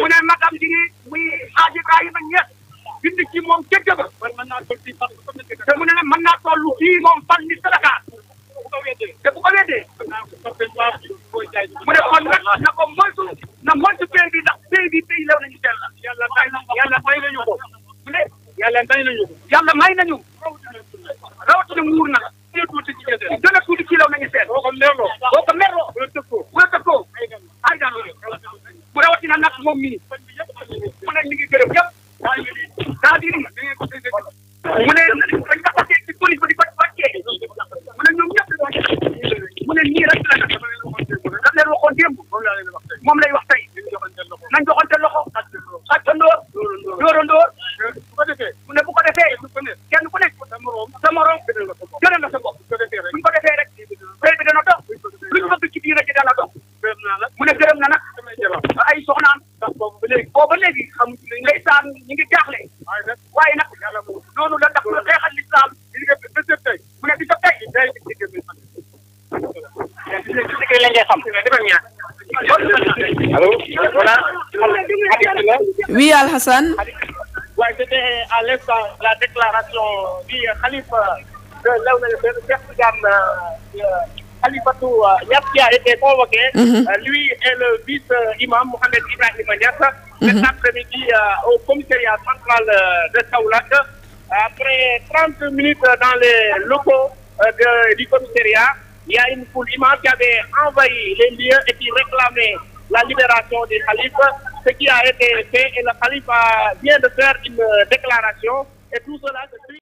mu ne magam ji muy Hadj Ibrahima Niass bind ci moom dëgg ba te mu ne la mën naa toll fii moom fan ni Sadaka te bu ko weddee mu ne kon nag na ko moytu na moytu pays bi ndax pays bi pays lew nañu teel la yàlla may yàlla may nañu ko mu ne yàlla may nañu yàlla may nañu rawatina na moom mii mu ne ñu ngi gërëm ñëpp c'est-à-dire mu ne bañ ko takkee ci police ba di ko wàccee mu ne ñoom ñëpp mu ne nii rek la nag daf leen waxoon démb moom lay wax tey nañ joxante loxo xàccandoo dóorandoo mu ne bu ko defee kenn ku nekk sa morom jëlal la sa bopp buñ ko defee rek réew bi dana dox luñ bëgg ci biir rek dana dox mu ne gërëm na nag ay soxnaam ndax boobu ba léegi boobu ba léegi ñu ngi jaaxle. waaye nag waaye la tax ñu xeexal lislaam ne di ko tey day di dégg la ngay Alifatou euh, Niass a été convoqué. Mhm. Euh, lui est le vice-imam Mohamed Ibrahim mhm. Cet après-midi euh, au commissariat central de Saoulak. Après 30 minutes dans les locaux du commissariat, il y a une foule immense qui avait envahi les lieux et qui réclamait la libération des califes. Ce qui a été fait et le calife vient de faire une déclaration et tout cela